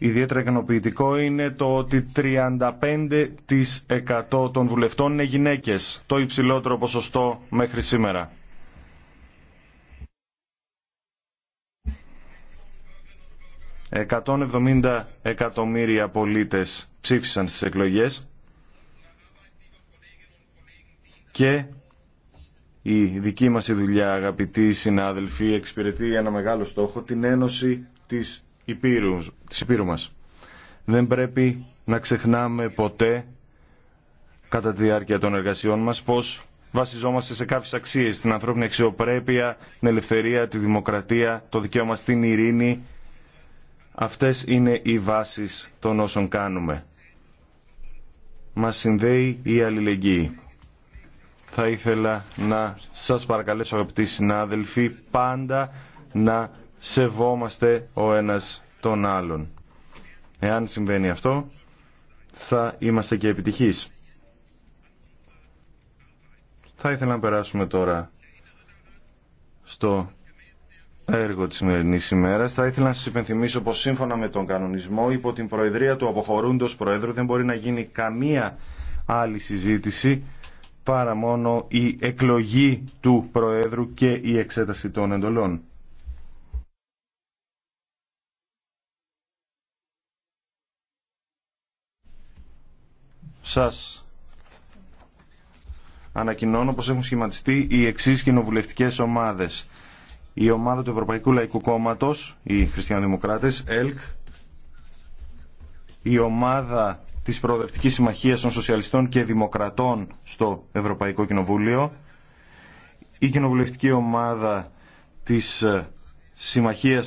Ιδιαίτερα ικανοποιητικό είναι το ότι 35% των βουλευτών είναι γυναίκες, το υψηλότερο ποσοστό μέχρι σήμερα. ...170 εκατομμύρια πολίτες ψήφισαν στις εκλογές και η δική μας δουλειά αγαπητοί συνάδελφοι εξυπηρετεί ένα μεγάλο στόχο την ένωση της υπήρου, της υπήρου μας. Δεν πρέπει να ξεχνάμε ποτέ κατά τη διάρκεια των εργασιών μας πως βασιζόμαστε σε κάποιες αξίες, την ανθρώπινη αξιοπρέπεια, την ελευθερία, τη δημοκρατία, το δικαίωμα στην ειρήνη. Αυτές είναι οι βάσεις των όσων κάνουμε. Μας συνδέει η αλληλεγγύη. Θα ήθελα να σας παρακαλέσω αγαπητοί συνάδελφοι πάντα να σεβόμαστε ο ένας τον άλλον. Εάν συμβαίνει αυτό, θα είμαστε και επιτυχείς. Θα ήθελα να περάσουμε τώρα στο έργο της σημερινής ημέρας. Θα ήθελα να σας υπενθυμίσω πως σύμφωνα με τον κανονισμό υπό την προεδρία του αποχωρούντος Προέδρου δεν μπορεί να γίνει καμία άλλη συζήτηση παρά μόνο η εκλογή του Προέδρου και η εξέταση των εντολών. Σας ανακοινώνω πως έχουν σχηματιστεί οι εξής κοινοβουλευτικές ομάδες. Η ομάδα του Ευρωπαϊκού Λαϊκού Κόμματος, οι Χριστιανοδημοκράτες, ΕΛΚ, η ομάδα της Προοδευτικής Συμμαχίας των Σοσιαλιστών και Δημοκρατών στο Ευρωπαϊκό Κοινοβούλιο, η κοινοβουλευτική ομάδα της ε, Συμμαχίας